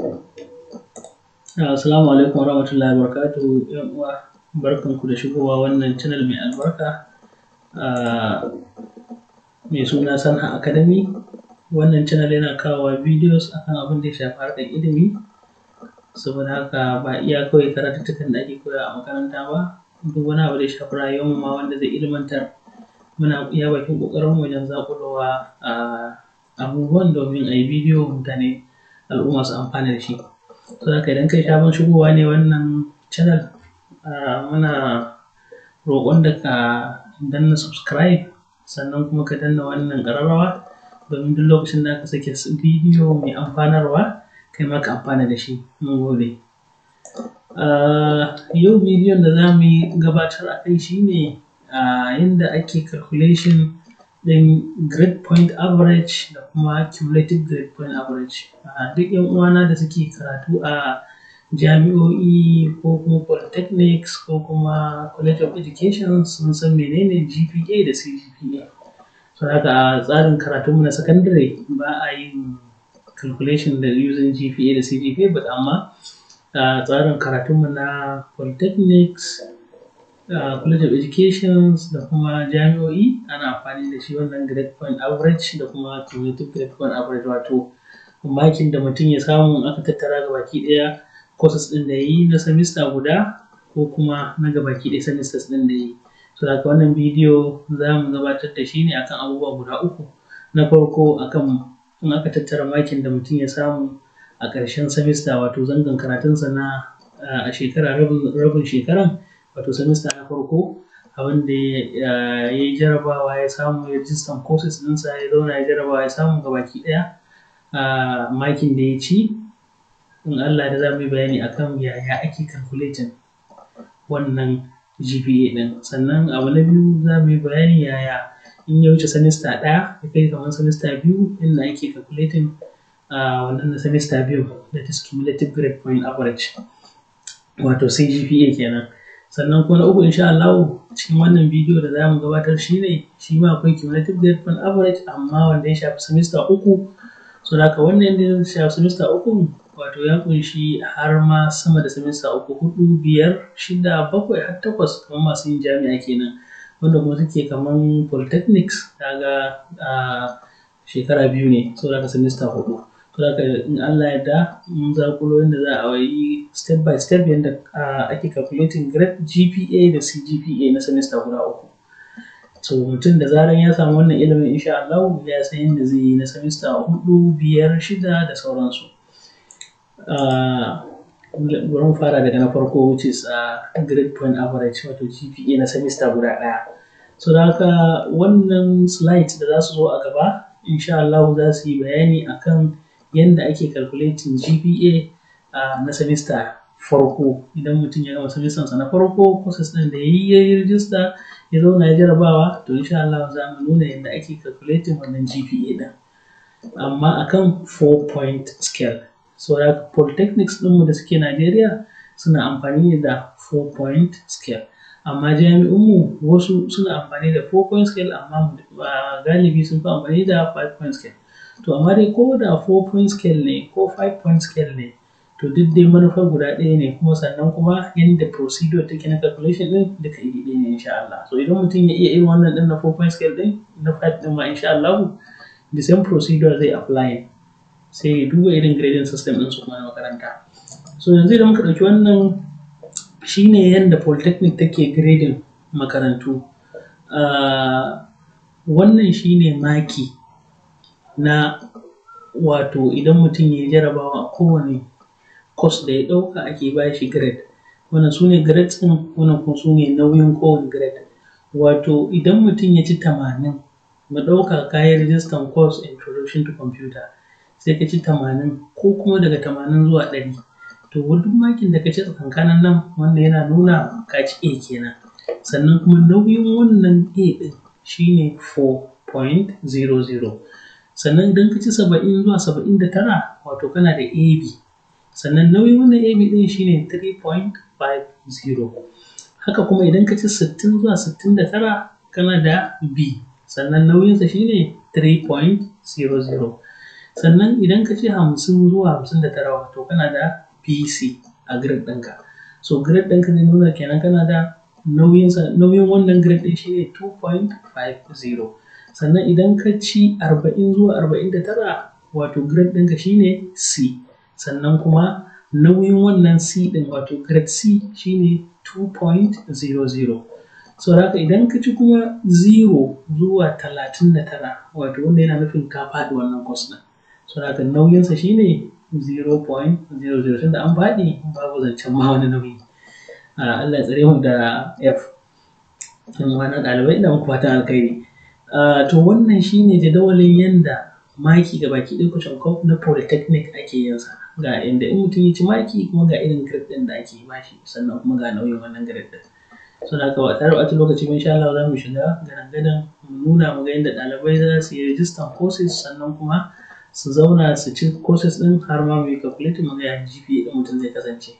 Uh, assalamu alaikum warahmatullahi wabarakatuhu ‘yan uwa barkanku da shigowa wannan channel mai albarka uh, mai suna Sanha Academy wannan channel yana kawowa videos akan abin da ya shafi harkar ilimi saboda haka ba iya kawai karatuttukan da ake koya a makaranta ba duk wani abu da ya shafi mu ma wanda zai ilmantar muna iya bakin ƙoƙarinmu wajen zaƙulowa uh, abubuwan domin a yi bidiyo mutane al'umma su amfana da shi to haka idan kai sabon shigowa ne wannan channel ah, muna roƙon da ka danna subscribe sannan kuma ka danna wannan ƙararrawa domin duk lokacin da aka sake bidiyo mai amfanarwa kai ma ka amfana da shi mun gode ah, yau bidiyon da za mu yi gabatar a kai shine ah, yadda ake calculation Din grade point average da kuma cumulative grade point average a ah, duk yan uwana da suke karatu a jami'o'i ko kuma polytechnics ko kuma college of education sun san menene gpa da cgpa so haka a tsarin karatunmu na secondary ba a yin calculation da using gpa da cgpa but amma a ah, tsarin karatunmu na polytechnics College of Education da kuma jami'o'i ana amfani da shi wannan grade point average da kuma cumulative grade point average wato makin da mutum ya samu aka tattara ga baki ɗaya courses ɗin da ya yi na semester guda ko kuma na gabaki ɗaya semesters ɗin da ya yi. So daga wannan bidiyo za mu gabatar da shi ne akan abubuwa guda uku. Na farko akan in aka tattara makin da mutum ya samu a ƙarshen semester wato zangon karatunsa na a shekara rabin shekaran wato semester na farko a wanda ya yi jarabawa ya samu ya rijistan courses ɗinsa ya zauna ya jarabawa ya samu gabaki ɗaya a makin da ya ci in Allah da za mu yi bayani akan yaya ake calculating wannan GPA ɗin sannan abu na biyu za mu yi bayani yaya in ya wuce semester ɗaya ya kai kamar semester biyu inda ake calculating a wannan semester biyu that is cumulative grade point average wato CGPA kenan sannan kuma na uku insha Allah cikin wannan bidiyo da zamu gabatar shi ne shi ma akwai cumulative grade point average amma wanda ya shafi semester uku so da wannan yanda ya shafi semester uku wato ya kunshi har ma sama da semester uku huɗu, biyar shida bakwai har takwas kamar masu yin jami'a kenan wanda kuma suke kamar polytechnics kaga a ah, shekara biyu ne so da semester hudu Saboda in Allah ya yarda mun zaƙulo yadda za a yi step by step yadda ake calculating grade GPA da CGPA na semester guda uku. So mutum da zaran ya samu wannan ilimin insha Allah ya san yadda zai yi na semester hudu, biyar, shida da sauransu. Bari mu fara daga na farko which is grade point average wato GPA na semester guda ɗaya. So da haka wannan slides da za su zo a gaba insha Allah za su yi bayani akan yanda ake calculating GPA na semester farko idan mutum ya gama semester sa na farko courses ɗin da yayi yayi register ya zauna ya jarabawa to insha Allah za mu nuna yadda ake calculating wannan GPA ɗin amma akan 4 point scale so ya polytechnics ɗinmu da suke Najeriya suna amfani da 4 point scale amma jami'unmu wasu suna amfani da 4 point scale amma galibi sun fi amfani da 5 point scale to amma dai ko da 4 point scale ne ko 5 point scale ne to duk dai manufa guda ɗaya ne kuma sannan kuma yadda procedure take na calculation ɗin duka iri ɗaya ne insha Allah so idan mutum ya iya irin wannan ɗin na 4 point scale ɗin na 5 ɗin ma insha Allah the same procedure zai apply sai ya duba irin grading system ɗin su kuma na makaranta so yanzu idan muka ɗauki wannan shine yadda polytechnic take grading makarantu ah, wannan shine maki na wato idan mutum ya yi jarabawa a kowane course da ya ɗauka ake ba shi grade wannan su ne grades ɗin wannan kuma su ne nauyin kowane grade wato idan mutum ya ci tamanin mu ɗauka kayan rijistan course introduction to computer sai ka ci tamanin ko kuma daga tamanin zuwa ɗari to duk makin da ka ci tsakankanin nan wannan yana nuna ka ci A kenan sannan kuma nauyin wannan A ɗin shine 4.00 sannan idan ka ci saba'in zuwa saba'in da tara wato kana da ab sannan nauyin wannan ab ɗin shine 3.50 haka kuma idan ka ci sittin zuwa sittin da tara kana da b sannan nauyinsa shine 3.00 sannan idan ka ci hamsin zuwa hamsin da tara wato kana da BC a grade ɗinka so grade ɗinka zai nuna kenan kana da nauyin wannan grade ɗin shine 2.50 sannan idan ka ci arba'in zuwa arba'in da tara wato grade ɗinka shine C sannan kuma nauyin wannan C ɗin wato grade C shine 2.00 so haka idan ka ci kuma 0 zuwa 39 wato wanda yana nufin ka faɗi wannan course ɗin so haka nauyinsa shine 0.00 tunda an faɗi babu zancen ma wani nauyi ah, Allah ya tsare mu da F. Yan na ɗalibai ina muku fatan alkhairi. Eh, to wannan shine jadawalin yanda maki ga baki ɗin kushin kof na polytechnic ake yin sa ga inda in mutum ya ci maki kuma ga irin grade ɗin da ake shi sannan kuma ga nauyin wannan grade ɗin so da ba tare ɓata lokaci ba insha Allah za mu shiga gadan-gadan mu nuna mu ga yanda ɗalibai za su yi rijistan courses sannan kuma su zauna su ci courses ɗin har ma mu yi calculating mu ga ya GPA ɗin mutum zai kasance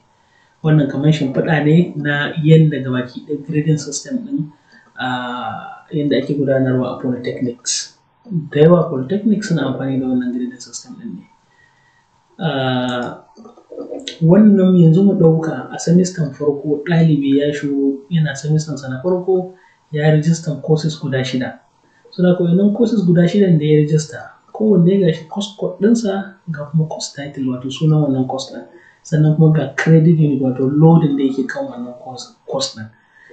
wannan kamar shimfiɗa ne na yadda gabaki ɗaya grading system ɗin yadda ake gudanarwa a polytechnics da yawa polytechnics suna amfani da wannan grading system ɗin ne wannan yanzu mu ɗauka a semester farko ɗalibi ya shigo yana semester sa na farko ya register courses guda shida suna koyon courses guda shidan da ya rajista kowanne ga shi course code ɗinsa ga kuma course title wato sunan wannan course ɗin sannan kuma ga credit unit wato lodin da yake kan wannan course ɗin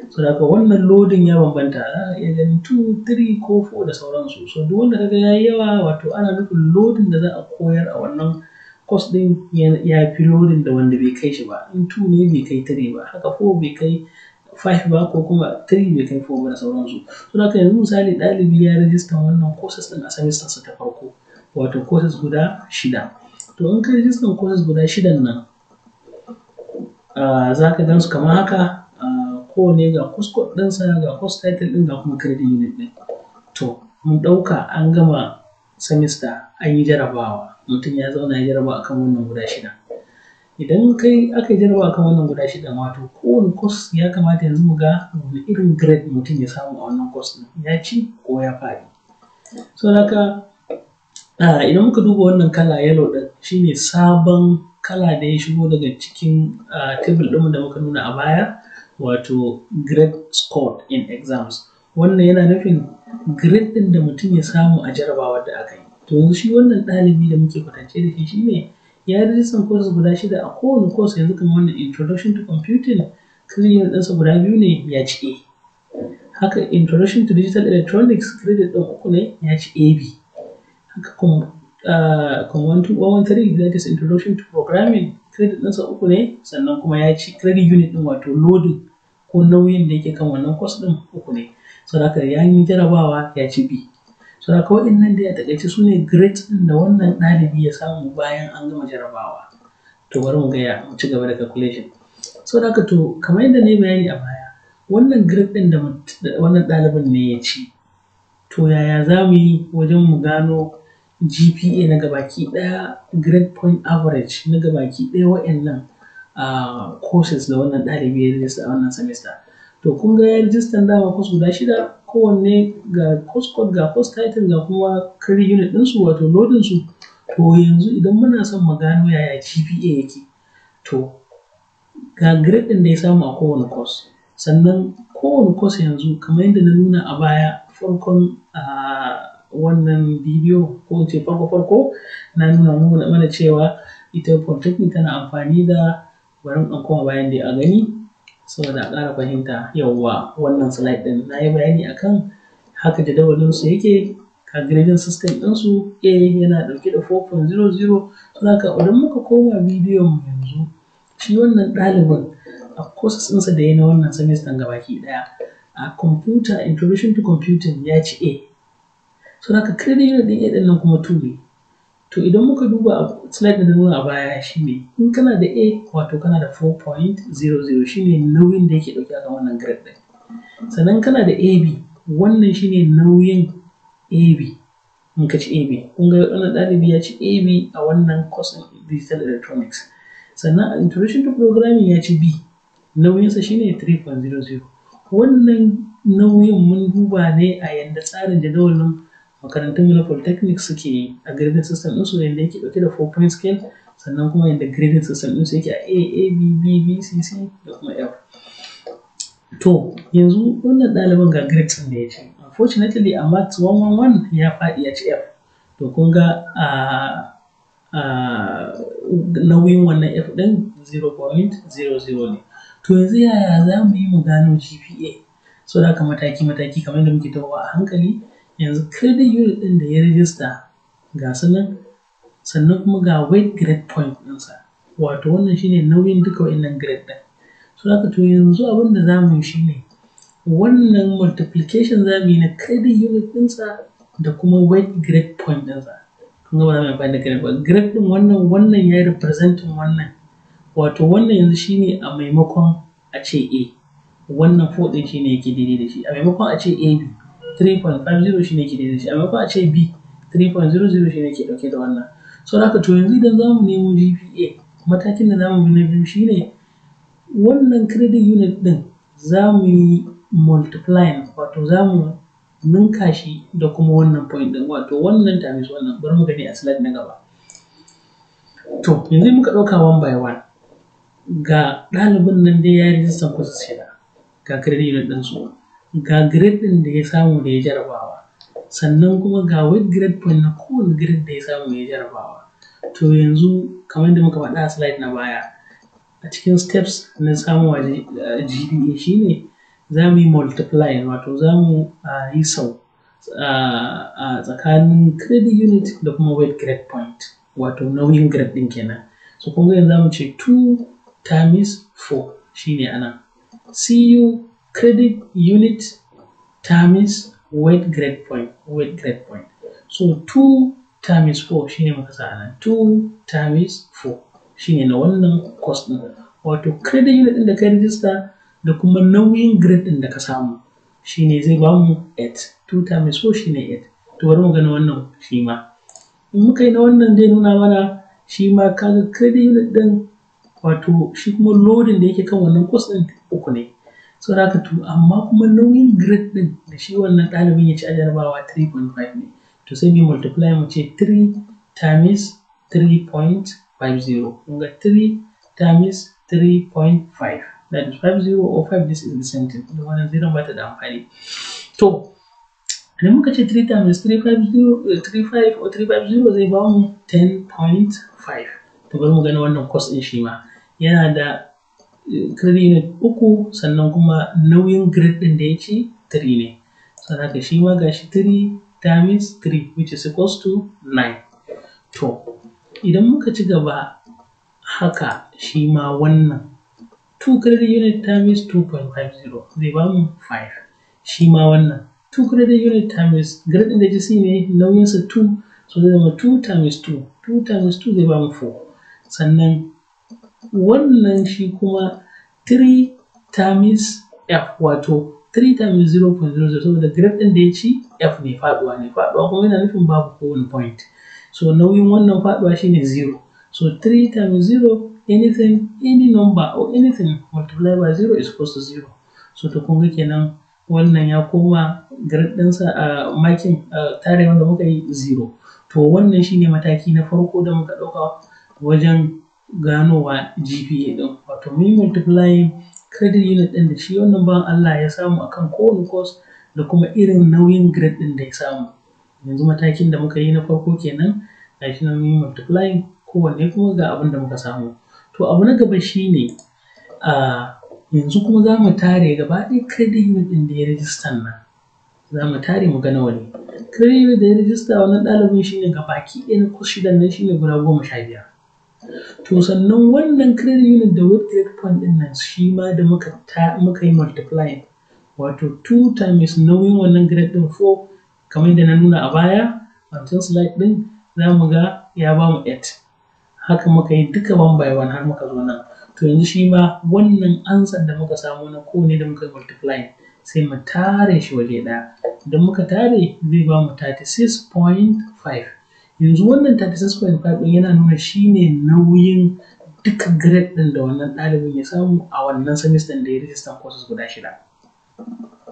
so da wannan lodin ya bambanta za ka iya ganin 2 3 ko 4 da sauransu so duk wanda kaga yayi yawa wato ana nufin lodin da za a koyar a wannan course din ya fi lodin da wanda bai kai shi ba in 2 ne bai kai 3 ba haka 4 bai kai 5 ba ko kuma 3 bai kai 4 ba da sauransu so da yanzu misali ɗalibi ya rajista wannan courses din a semester sa ta farko wato courses guda shida to in ka rajistan courses guda shidan nan ah, za ka gan su kamar haka kowane ga course ɗinsa ga course title ɗin ga kuma credit unit ɗin to mun ɗauka an gama semester an yi jarabawa mutum ya zauna ya jaraba akan wannan guda shida idan kai aka jaraba akan wannan guda shida wato kowane course ya kamata yanzu mu ga wani irin grade mutum ya samu a wannan course ɗin ya ci ko ya faɗi so haka idan muka duba wannan kala yellow ɗin shine sabon kala da ya shigo daga cikin table ɗinmu da muka nuna a baya wato grade score in exams wannan yana nufin grade ɗin da mutum ya samu a jarabawar da aka yi to yanzu shi wannan ɗalibi da muke kwatance da shi shine ya yi rijistan courses guda shida a kowane course yanzu kamar wannan introduction to computing credit ɗinsa guda biyu ne ya ci A haka introduction to digital electronics credit ɗin uku ne ya ci b haka kuma ah, one three that is introduction to programming credit ɗinsa uku ne sannan kuma ya ci credit unit ɗin wato loading ko nauyin da yake kan wannan kwas ɗin uku ne saboda haka ya yi jarabawa ya ci B saboda haka waɗannan da ya taƙaice su ne grades ɗin da wannan ɗalibi ya samu bayan an gama jarabawa to bari mu gaya mu ci gaba da calculation saboda haka to kamar yadda na yi bayani a baya wannan grade ɗin da wannan ɗalibin ne ya ci to yaya za mu yi wajen mu gano GPA na gabaki ɗaya grade point average na gabaki ɗaya wa'annan courses da wannan ɗalibi ya rijista a wannan semester to kun ga ya rijistan dama course guda shida kowanne ga course code ga course title ga kuma career unit ɗinsu wato loading su to yanzu idan muna son mu gano yaya GPA yake to ga grade ɗin da ya samu a kowane course sannan kowane course yanzu kamar yadda na nuna a baya farkon wannan bidiyo ko ce farko farko na nuna mana cewa ita polytechnic tana amfani da bari in koma bayan dai a gani saboda a ƙara fahimta yauwa wannan slide ɗin na yi bayani akan haka jadawalin su yake ka grading system ɗin su A yana ɗauke da 4.00 haka idan muka koma bidiyon mu yanzu shi wannan ɗalibin a courses ɗinsa da ya na wannan semester gabaki ɗaya a computer introduction to computing ya ci A so haka credit unit ɗin A ɗin nan kuma 2 ne To idan muka duba a slide da nuna a baya shine in kana da A wato kana da 4.00 shine nauyin da yake ɗauke kan wannan grade ɗin. Sannan kana da AB wannan shine nauyin AB in ka ci AB. Kun ga wannan ɗalibi ya ci AB a wannan course ɗin Digital Electronics. Sannan a Introduction to Programming ya ci B nauyin nauyinsa shine 3.00. Wannan nauyin mun duba ne a yanda tsarin jadawalin makarantun mu na polytechnic suke a grading system ɗinsu da yake ɗauke da 4 point scale sannan kuma yadda grading system ɗinsu yake a a a b b b c c da kuma f to yanzu wannan ɗaliban ga grade sun da ya ce unfortunately a maths 111 ya faɗi ya ci f to kun ga a nauyin wannan f ɗin 0.00 ne to yanzu yaya za mu yi mu gano gpa so da mataki mataki kamar yadda muke tawowa a hankali yanzu credit unit ɗin da ya rijista ga su nan sannan kuma ga weight grade point ɗinsa wato wannan shine nauyin duka wa'innan grade ɗin so haka to yanzu abin da za mu yi shine wannan multiplication za mu yi na credit unit ɗinsa da kuma weight grade point ɗinsa kun ga ba za mu yi amfani da grade ba grade ɗin wannan wannan ya yi representing wannan wato wannan yanzu shine a maimakon a ce a wannan 4 ɗin shine yake daidai da shi a maimakon a ce ab 3.50 shi ne ke daidai shi amma ko a ce B 3.00 shi ne ke ɗauke da wannan so haka to yanzu idan zamu nemo GPA matakin da zamu bi na biyu shine wannan credit unit ɗin zamu yi multiply wato zamu ninka shi da kuma wannan point ɗin wato wannan times wannan bari mu gani a slide na gaba to yanzu muka ɗauka one by one ga ɗalibin nan dai ya yi rijistan kwasu shida ga credit unit ɗinsu ga grade ɗin da ya samu da ya jarabawa sannan kuma ga weight grade point na kowane grade da ya samu ya jarabawa to yanzu kamar da muka faɗa a slide na baya a cikin steps na samuwa GPA shine za mu yi multiply wato za mu yi sau a tsakanin credit unit da kuma weight grade point wato nauyin grade ɗin kenan so kun ga yanzu za mu ce 2 times 4 shine anan see you credit unit times weight grade point weight grade point so two times four shine muka sa nan two times four shine na wannan cost din wato credit unit din da ka register da kuma nauyin grade din da ka samu shine zai ba mu 8 two times four shine 8 to bari mu gani wannan shi ma in muka yi na wannan zai nuna mana shi ma kaga credit unit din wato shi kuma loading da yake kan wannan cost din uku ne so za ka to amma kuma nauyin grade ɗin da shi wannan ɗalibin ya ci a jarabawa 3.5 ne to sai mu multiply mu ce 3 times 3.50 kun ga 3 times 3.5 that is 50 or 5 this is the same thing da wannan zero ba ta da amfani to idan muka ce 3 times 350 35 eh, or 350 zai ba mu 10.5 to bari mu gani wannan course ɗin shi ma yana da kari ne uku sannan kuma nauyin grade ɗin da ya ci 3 ne sannan haka shi ma gashi tiri, times tiri, which is equals to nine to idan muka ci gaba haka shi ma wannan two credit unit times 2.50 zai ba mu five. shi ma wannan two credit unit times grade ɗin da ya ci ne nauyinsa 2 so zai zama two times two two times two zai ba mu four sannan wannan shi kuma 3 times f wato 3 times 0.00 saboda grade ɗin da ya ci f ne faɗuwa ne faɗuwa kuma yana nufin babu kowane point so nauyin wannan faɗuwa shine 0 so 3 times 0 anything any number or anything multiply by 0 is equals to 0 so to kun ga kenan wannan ya koma grade ɗinsa a makin tare da muka yi 0 to wannan shine mataki na farko da muka ɗauka wajen ganowa GPA ɗin wato mun multiplying credit unit ɗin da shi wannan bawan Allah ya samu a kan kowane course da kuma irin nauyin grade ɗin da ya samu yanzu matakin da muka yi na farko kenan ga shi nan mun yi multiplying kowanne kuma ga abin da muka samu to abu na gaba ne a yanzu kuma za mu tare gaba ɗaya credit unit ɗin da ya register nan za mu tare mu ga nawa ne credit unit da ya register wannan ɗalibin shine gabaki ɗaya na course shidan nan ne guda goma sha biyar to sannan wannan credit unit da with credit fund din nan shi ma da muka ta muka yi multiplying wato 2 times nauyin wannan grade din 4 kamar da na nuna a baya a wancan slide din za mu ga ya ba mu 8 haka muka yi duka one by one har muka zo nan to yanzu shi ma wannan ansar da muka samu na kowane da muka yi multiplying sai mu tare shi waje ɗaya idan muka tare zai ba mu 36.5 yanzu wannan 36.5 ɗin yana nuna shine nauyin duka grade ɗin da wannan ɗalibin ya samu a wannan semester da ya rijistar courses guda shida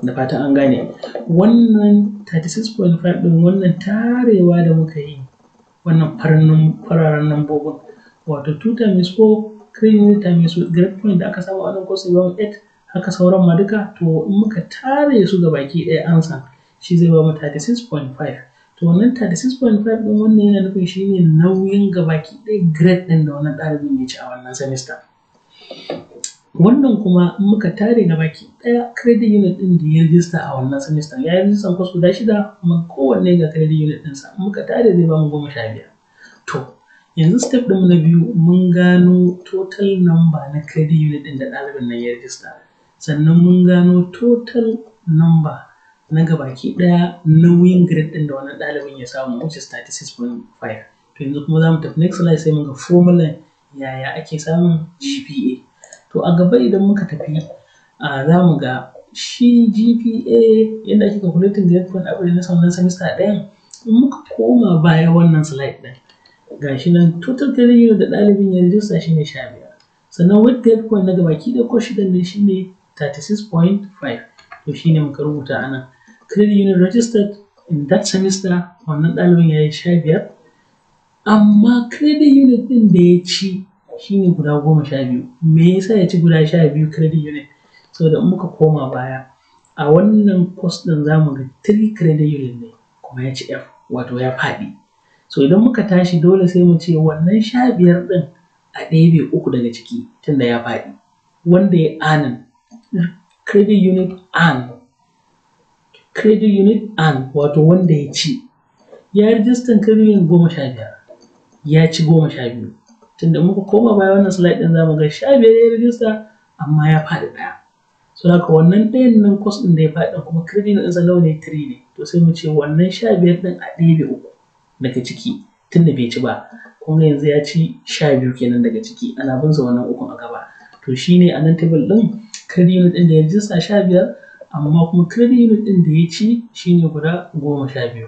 da fatan an gane wannan 36.5 ɗin wannan tarewa da muka yi wannan fararen lambobin wato 2 times 4 3 times grade point da aka samu a wannan course ya 8 haka sauran ma duka to in muka tare su ga baki ɗaya ansa shi zai ba mu 36.5 to wannan 36.5 ɗin wannan yana nufin shine nauyin gabaki ɗaya grade ɗin da wannan ɗalibin ya ci a wannan semester wannan kuma muka tare baki ɗaya credit unit ɗin da ya rijista a wannan semester ya yi rijistan kwas guda shida kuma kowanne ga credit unit ɗinsa muka tare zai bamu goma sha biyar to yanzu step ɗin na biyu mun gano total number na credit unit ɗin da ɗalibin nan ya rijista sannan mun gano total number na gabaki ɗaya nauyin grade ɗin da wannan ɗalibin ya samu which is 36.5 to yanzu kuma za mu tafi next slide sai mu ga formula yaya ake samun GPA to a gaba idan muka tafi za mu ga shi GPA yadda ake calculating grade point average na wannan semester ɗayan in muka koma baya wannan slide ɗin gashi nan total credit unit da ɗalibin ya rijista shi ne sha sannan weight grade point na gabaki ɗaya ko shidan nan shi ne 36.5 to shi ne muka rubuta a nan credit union registered in that semester wannan ɗalibin ya yi sha biyar amma credit union ɗin da ya ci shine guda goma sha biyu me yasa ya ci guda sha biyu credit union saboda in muka koma baya a wannan course ɗin zamu mu ga three credit union ne kuma ya ci f wato ya faɗi so idan muka tashi dole sai mu ce wannan sha biyar ɗin a bai uku daga ciki tunda ya faɗi wanda ya anan credit unit an credit unit and wato wanda ya ci ya yi rijistan credit unit goma sha biyar ya ci goma sha biyu tunda muka koma baya wannan slide ɗin zamu ga sha biyar ya yi rijista amma ya faɗi ɗaya so haka wannan ɗayan nan kwas ɗin da ya faɗi kuma credit unit ɗinsa nawa ne three ne to sai mu ce wannan sha biyar ɗin a ɗebe uku daga ciki tunda bai ci ba kuma yanzu ya ci sha biyu kenan daga ciki ana bin sa wannan ukun a gaba to shine a nan table ɗin credit unit ɗin da ya rijista sha biyar amma kuma credit unit ɗin da ya ci shine guda goma sha biyu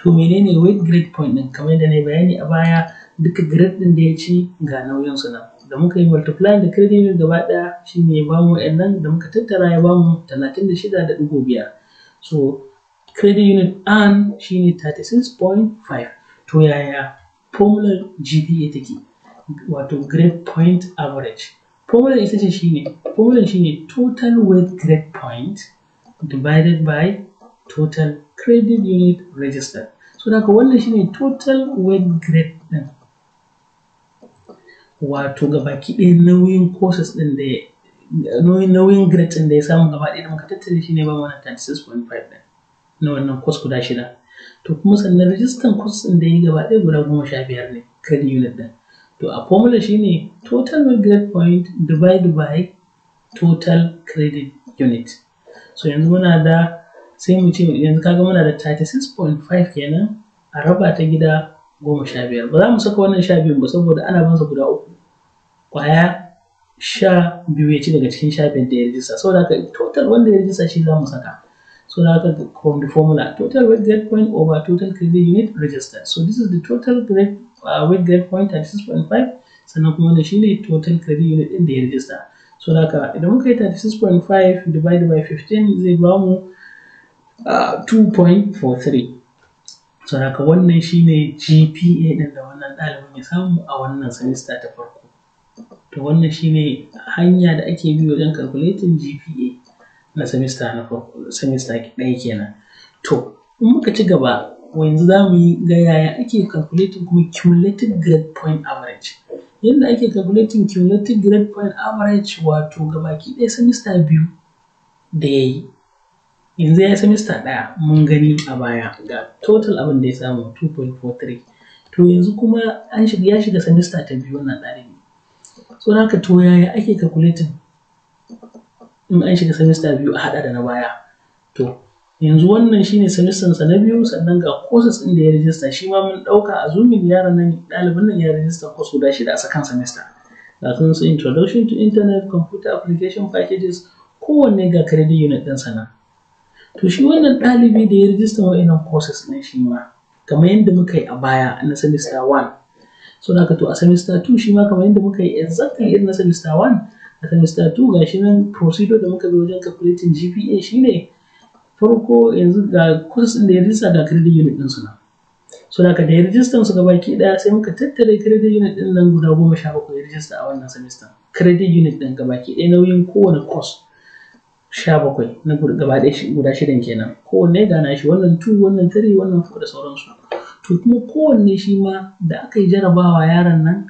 to menene weight grade point ɗin kamar yadda na bayani a baya duka grade ɗin da ya ci ga nauyin su nan da muka yi multiplying da credit unit gaba ɗaya shine ya bamu wa'annan da muka tattara ya bamu talatin da shida da ɗigo biyar so credit unit thirty-six shine 36.5 to yaya formular GPA take wato grade point average formula ita ce shine formula shine total weight grade point divided by total credit unit registered so da wannan shine total weight grade din wato gabaki ɗaya nauyin courses ɗin da nauyin nauyin grade din da ya samu gaba ɗaya da muka tattare shine ba mana 36.5 ɗin, na wannan course guda shida to kuma sannan register course ɗin da ya gaba ɗaya guda goma sha biyar ne credit unit din to a formula shine total grade point divided by total credit unit so yanzu muna da sai mu ce yanzu kaga muna da 36.5 kenan a raba ta gida goma sha biyar ba za mu saka wannan sha biyun ba saboda ana bansa guda uku kwaya sha biyu ya ci daga cikin sha biyar da ya rijista saboda haka total wanda ya rijista shi za mu saka so da haka from the formula total grade point over total credit unit registered so this is the total grade Uh, with grade point sannan kuma shine total credit unit ɗin da ya rijista so haka idan muka yi 36.5 divided by 15 zai ba mu uh, 2.43 so haka wannan shine GPA ɗin da wannan ɗalibin ya samu a wannan semester ta farko to wannan shine hanya da ake bi wajen calculating GPA na semester na farko semester ɗaya kenan to in muka ci gaba yanzu za mu yi ga yaya ake calculating kuma cumulative grade point average. Yanda ake calculating cumulative grade point average wato gabaki ɗaya semester biyu da ya yi. Yanzu ya yi semester ɗaya mun gani a baya ga total abin da ya samu 2.43. To yanzu kuma an shiga ya shiga semester ta biyu wannan ɗalibi. So haka to yaya ake calculating in an shiga semester biyu a haɗa da na baya. To yanzu wannan shine semester sa na biyu sannan ga courses ɗin da ya register shi ma mun ɗauka a zoomin yaran nan ɗalibin nan ya register course guda shida a second semester ga sun su introduction to internet computer application packages kowanne ga credit unit ɗin sana to shi wannan ɗalibi da ya register wa'innan courses ɗin shi ma kamar yadda muka yi a baya na semester 1 so da to a semester 2 shi ma kamar yadda muka yi exactly irin na semester 1 a semester 2 ga shi nan procedure da muka bi wajen calculating GPA shine ne farko yanzu ga kurs ɗin da ya rijista ga credit unit ɗin su nan so da da rijistan su gabaki daya sai muka tattare credit unit din nan guda goma sha bakwai rijista a wannan semester credit unit din gabaki daya nauyin kowane kurs sha bakwai na gaba ɗaya guda shidan kenan kowanne ga na shi wannan tu, wannan tari, wannan fu da sauransu to kuma kowanne shi ma da aka yi jarabawa yaron nan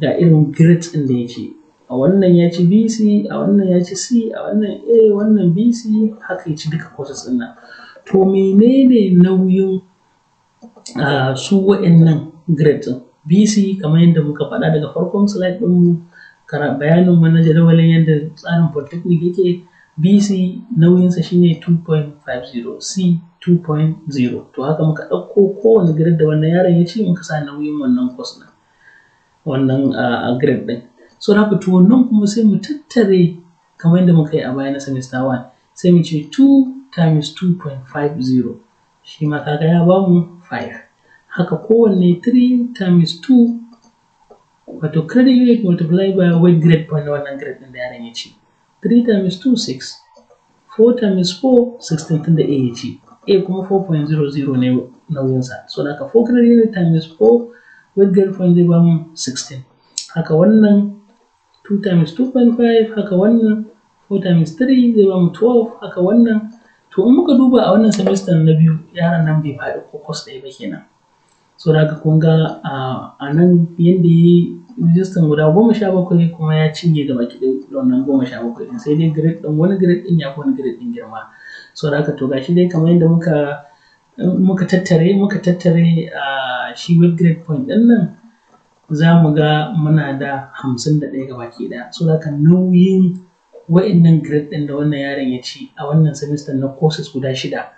ga irin grades din da yake a wannan ya ci BC a wannan ya ci C a wannan A wannan BC haka ya ci duka courses ɗin nan to menene nauyin su wa'annan grade ɗin BC kamar yadda muka faɗa daga farkon slide ɗin bayanin mu na jadawalin yadda tsarin polytechnic yake BC nauyinsa shine 2.50 C 2.0 to haka muka ɗauko kowane grade da wannan yaron ya ci muka sa nauyin wannan course ɗin wannan grade ɗin so da to wannan kuma sai mu tattare kamar yadda muka yi a baya na semester 1 sai mu ce 2 times 2.50 shi ma kaga ya bamu 5 haka kowanne 3 times 2 wato credit grade multiply by weight grade point na wannan grade ɗin da yaron ya ci 3 times 2 6 4 times 4 16 Tunda a ya ci a kuma 4.00 ne nauyinsa so da haka 4 credit grade times 4 weight grade point zai bamu 16 haka wannan 2 times 2.5 haka wannan 4 times 3 zai bamu 12 haka wannan to in muka duba a wannan semester na biyu yaran nan bai faɗi ko course ɗaya ba kenan so da haka kun ga a nan yadda ya yi rijistan guda goma sha bakwai kuma ya cinye gaba kiɗin wannan goma sha bakwai ɗin sai dai grade ɗin wani grade ɗin ya fi wani grade ɗin girma so da haka to gashi dai kamar yadda muka muka tattare muka tattare shi grade point ɗin nan za mu ga muna da hamsin da ɗaya gabaki ɗaya so haka nauyin wa'innan grade din da wannan yaron ya ci a wannan semester na courses guda shida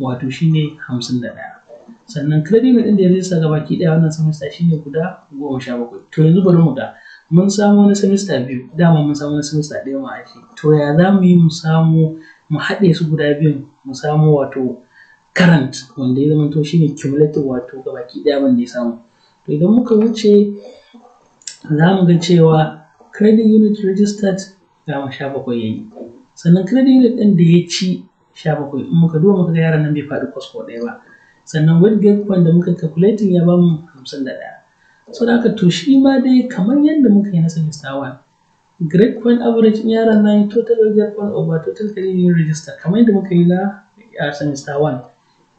wato shine hamsin da ɗaya sannan credit ɗin da ya rasa gabaki ɗaya wannan semester shine guda goma sha bakwai to yanzu bari mu ga mun samu wani semester biyu dama mun samu wani semester ɗaya mu aji to ya za mu yi mu samu mu haɗe su guda biyun mu samu wato current wanda ya zama to shine cumulative wato gabaki ɗaya da ya samu idan muka wuce za mu ga cewa credit unit registered mu sha bakwai ya yi sannan credit unit ɗin da ya ci sha bakwai in muka duba muka ga yaran nan bai faɗi kwasko ɗaya ba sannan gate point da muka calculating ya ba mu hamsin da ɗaya so da haka to shi ma dai kamar yadda muka yi na semester one grade point average in yaran na yi total grade point over total credit unit register kamar yadda muka yi na semester one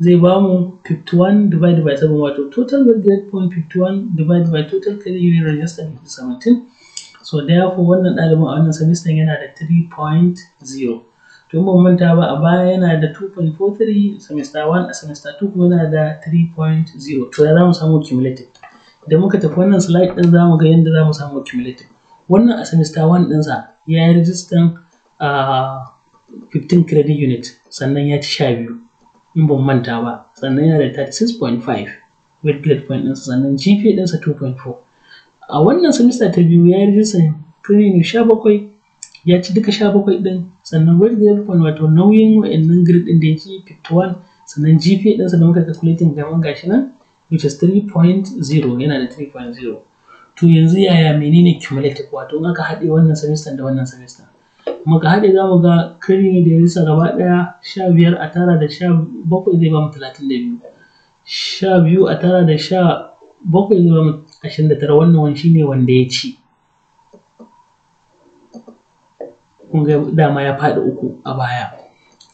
zai ba mu 51 divided by 7 wato total work grade point 51 divided by total credit union registered is 17 so therefore wannan ɗalibin a wannan semester yana da 3.0 to in manta ba a baya yana da 2.43 semester 1 a semester 2 kuma yana da 3.0 to za mu samu cumulative idan muka tafi wannan slide ɗin za mu ga yadda za mu samu cumulative wannan a semester 1 ɗinsa ya yi rijistan ah, 15 credit unit sannan ya ci 12 in ban manta ba sannan yana da 36.5 with grade point ɗinsa sannan GPA ɗinsa 2.4 a wannan semester ta biyu ya yi rijistar training 17 ya ci duka 17 ɗin sannan with grade point wato nauyin wa'annan grade ɗin da ya ci 51 sannan GPA ɗinsa da muka calculating gaman gashi nan which is 3.0 yana da 3.0 to yanzu yaya menene cumulative wato in aka haɗe wannan semester da wannan semester muka haɗe za mu ga kari ne da ya rusa gaba ɗaya sha biyar a tara da sha bakwai zai bamu talatin da biyu sha biyu a tara da sha bakwai zai bamu ashirin da tara wannan wani ne wanda ya ci kun ga dama ya faɗi uku a baya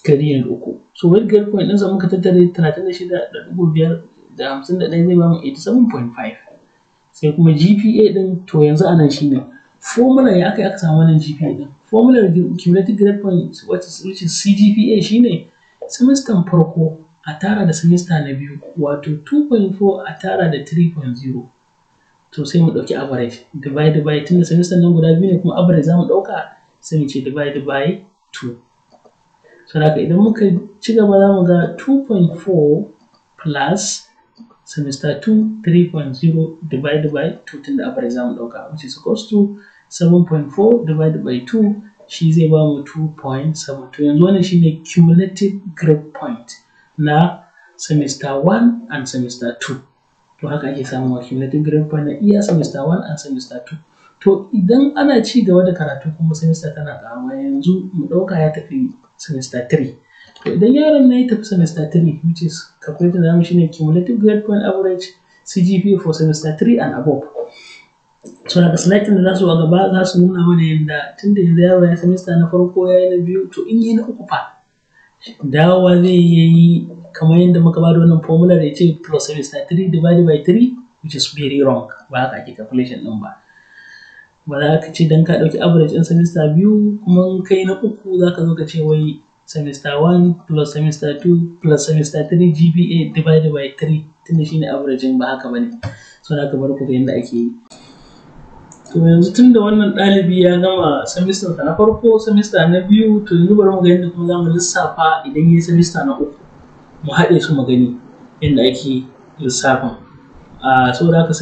kariyar uku so wani gari kuma ɗinsa muka tattare talatin da shida da dubu biyar da hamsin da ɗaya zai bamu eighty seven point five sai kuma GPA ɗin to yanzu anan ne. formula ya aka yi aka samu wannan GPA din formula cumulative grade point wacce CGPA shine semester farko a tara da semester na biyu wato 2.4 a tara da 3.0 to sai mu ɗauki average divide by tunda semester nan guda biyu ne kuma average za mu ɗauka sai mu ce divide by 2 so haka idan muka ci gaba za mu ga 2.4 plus semester 2 3.0 divided by 2 tunda upper exam ɗauka which is equals to 7.4 divided by 2 shi zai ba mu 2.7 to yanzu wannan shine cumulative grade point na semester 1 and semester 2 to haka ake samun cumulative grade point na iya semester 1 and semester 2 to idan ana ci gaba da karatu kuma semester tana ƙaruwa yanzu mu ɗauka ya tafi semester 3 idan yaron na ya tafi semester 3 which is calculating namu shine cumulative grade point average CGPA for semester 3 and above so daga slide da za su a gaba za su nuna mana yadda tunda da yanzu yaro ya semester na farko ya yi na biyu to in yi na uku fa dawowa zai yi kamar yadda muka ba da wannan formula da ya ce semester 3 divided by 3 which is very wrong ba haka ake calculation din ba ba za ka ce dan ka ɗauki average ɗin semester biyu kuma kai na uku za ka zo ka ce wai semester 1 plus semester 2 plus semester 3 GPA divided by 3 tunda shine averaging ba haka bane so da kamar ku yadda ake yi to yanzu tunda wannan ɗalibi ya gama semester na farko semester na biyu to yanzu bari mu ga yadda kuma za mu lissafa idan ya yi semester na uku mu haɗe su mu gani yadda ake lissafin a saboda haka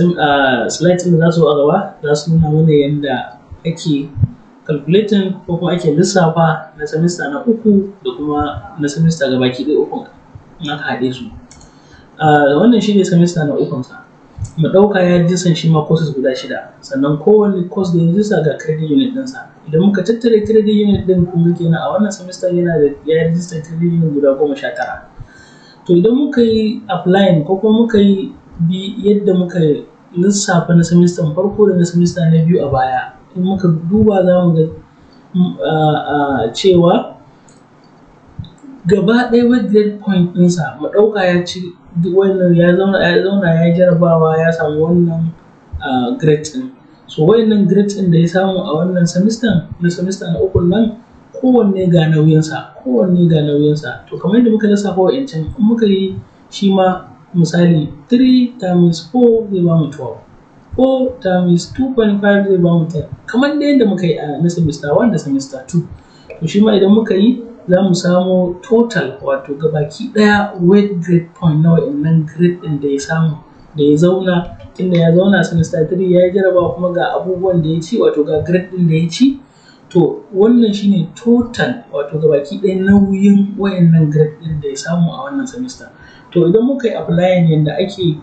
slides ɗin da za su a gaba za su nuna mana yadda ake calculating ko kuma ake lissafa na semester na uku da kuma na semester ga baki ɗaya uku, in aka haɗe su ah, wannan shi ne semester na uku sa mu ɗauka ya jisan shi ma courses guda shida sannan kowane course da ya jisa ga credit unit ɗinsa idan muka tattara credit unit ɗin kuma kenan a wannan semester yana da ya jisa credit unit guda goma sha tara to idan muka yi applying ko kuma muka yi bi yadda muka lissafa na semester farko da na semester na biyu a baya in muka duba za mu ga mm, cewa gaba ɗaya wajen point ɗinsa mu ɗauka ya ci wannan ya zauna ya jarabawa ya samu wannan grade ɗin so wannan grades ɗin da ya samu a wannan semester na semester na uku nan kowanne ga nauyinsa kowanne ga nauyinsa to kamar yadda muka lissafa wa'ancan in muka yi shi ma misali 3 times 4 zai ba mu 12 4 times 2.5 zai ba mu kamar da yadda muka yi a na semester 1 da semester 2 to shi ma idan muka yi za mu samo total wato gabaki daya weight grade point na wa'annan grade din da ya samu da ya zauna tunda ya zauna semester 3 ya yi jaraba kuma ga abubuwan da ya ci wato ga grade din da ya ci to wannan shine total wato gabaki ɗaya nauyin wayannan grade din da ya samu a wannan semester to idan muka yi applying yadda ake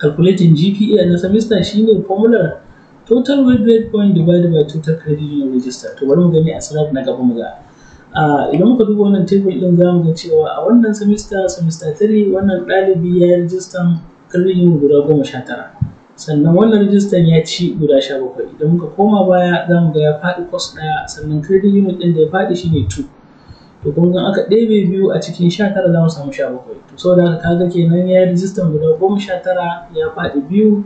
Calculating GPA na semester shine formula total weighted point divided by total credit union register. To bari mu gani a slide na gaba mu ga. Idan muka duba wannan table ɗin za mu ga cewa a wannan semester semester 3 wannan ɗalibi ya yi rijistan credit union guda goma sha tara. Sannan wannan rijistan ya ci guda sha bakwai. Idan muka koma baya za mu ga ya faɗi course ɗaya sannan credit union ɗin da ya faɗi shine 2. to kun ga aka ɗebe biyu a cikin sha tara za mu samu sha bakwai to saboda haka kaga kenan ya yi rijistan guda goma sha tara ya faɗi biyu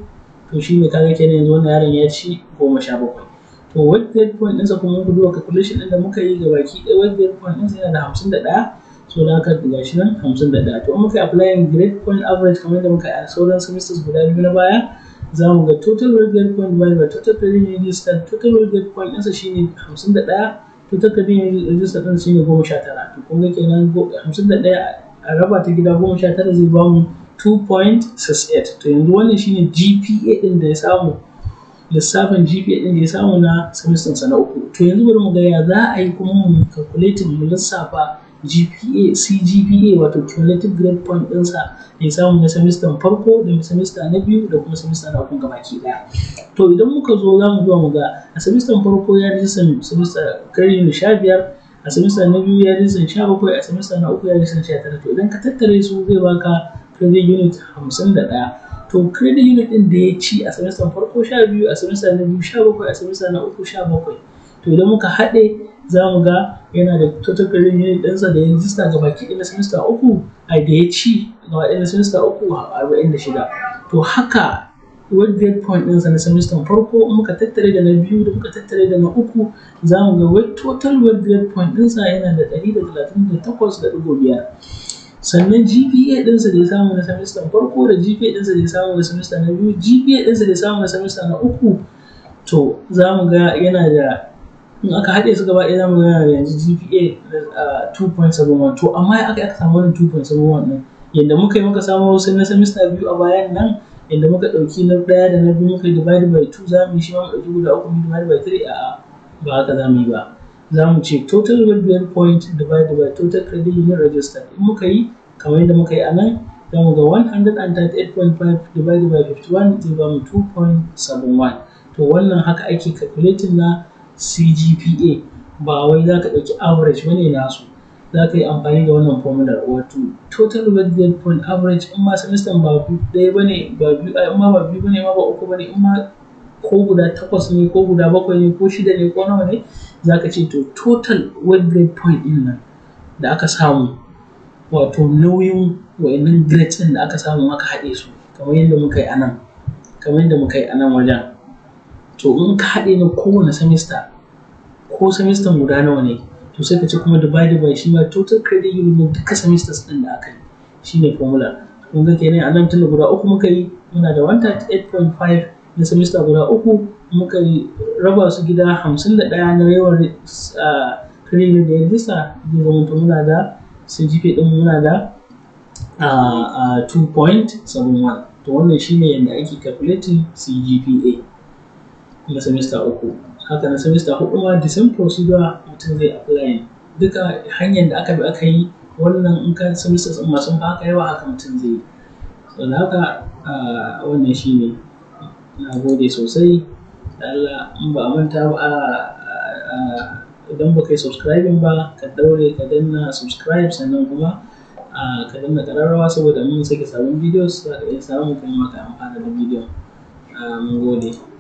to shi ne kaga kenan yanzu wannan yaron ya ci goma sha bakwai to wet grade point ɗinsa kuma mun duba calculation ɗin da muka yi ga baki ɗaya wet grade point ɗinsa yana da hamsin da ɗaya so da haka ga shi nan hamsin da ɗaya to in muka yi applying grade point average kamar yadda muka yi a sauran semesters guda biyu na baya za mu ga total wet grade point divided by total period unit total wet grade point ɗinsa shine hamsin da ɗaya cutar ta biyan rijista ɗin shi ne goma sha tara to kun ga kenan hamsin da ɗaya a raba ta gida goma sha tara zai bamu 2.68 to yanzu wannan shine GPA ɗin da ya samu lissafin GPA ɗin da ya samu na semester na uku to yanzu bari mu ga ya za a yi kuma mu calculating mu lissafa GPA CGPA wato cumulative grade point ɗinsa ya samu na semester farko da semester na biyu da kuma semester na uku gabaki ɗaya to idan muka zo za mu zuwa mu ga a semester farko ya rijistar semester kari sha biyar a semester na biyu ya rijistar sha bakwai a semester na uku ya rijistar sha tara to idan ka tattare su zai baka credit unit hamsin da ɗaya to credit unit ɗin da ya ci a semester farko sha biyu a semester na biyu sha bakwai a semester na uku sha bakwai to idan muka haɗe za mu ga yana da total credit unit ɗinsa da yin zista ga baki ɗin na semester uku a da ya ci ga baki na semester uku a arba'in da shida to haka wani grade point ɗinsa na semester farko in muka tattare da na biyu da muka tattare da na uku za mu ga wani total wani grade point ɗinsa yana da ɗari da talatin da takwas da ɗigo biyar sannan GPA ɗinsa da ya samu na semester farko da GPA ɗinsa da ya samu na semester na biyu GPA ɗinsa da ya samu na semester na uku to za mu ga yana da in aka haɗe su gaba ɗaya zamu ga yanzu GPA 2.71 to amma ya aka aka samu wannan 2.71 ɗin yadda muka yi muka samu wasu na semester biyu a bayan nan yadda muka ɗauki na ɗaya da na biyu muka yi divide by 2 za mu yi shi ma mu ɗauki guda uku mu divide by 3 a'a ba haka za mu yi ba za mu ce total wellbeing point divided by total credit union registered in muka yi kamar yadda muka yi a nan za mu ga 138.5 divided by 51 zai ba mu 2.71 to wannan haka ake calculating na CGPA ba wai za ka ɗauki average na nasu za ka yi amfani da wannan formula wato total weighted point average in ma semester ba ɗaya bane ba biyu in ma ba biyu bane ma ba uku bane in ma ko guda takwas ne ko guda bakwai ne ko shida ne ko nawa ne za ka ce to total weighted point ɗin nan da aka samu wato nauyin wa'annan grades ɗin da aka samu aka haɗe su kamar yadda muka yi a nan kamar yadda muka yi a nan wajen to in ka haɗe na kowane semester ko semester guda nawa ne to sai ka ci kuma divide by shi ma total credit unit na duka semesters ɗin da aka yi shine formula kun ga kenan a nan da guda uku muka yi muna da 138.5 na semester guda uku muka yi. raba su gida 51 na yawan credit da ya lissa zai zama muna da CGP ɗin muna da 2.71 to wannan shine yadda ake calculating CGPA na semester uku haka na semester hudu ma the same procedure mutum zai apply duka hanyar da aka bi aka yi wannan in ka semester sun masu ka yawa haka mutum zai yi so da haka wannan shi ne na gode sosai Allah in ba a manta ba idan ba kai subscribing ba ka daure ka danna subscribe sannan kuma ka danna kararrawa saboda mun sake sabon videos za ka iya samun kuma ka amfana da bidiyon mun gode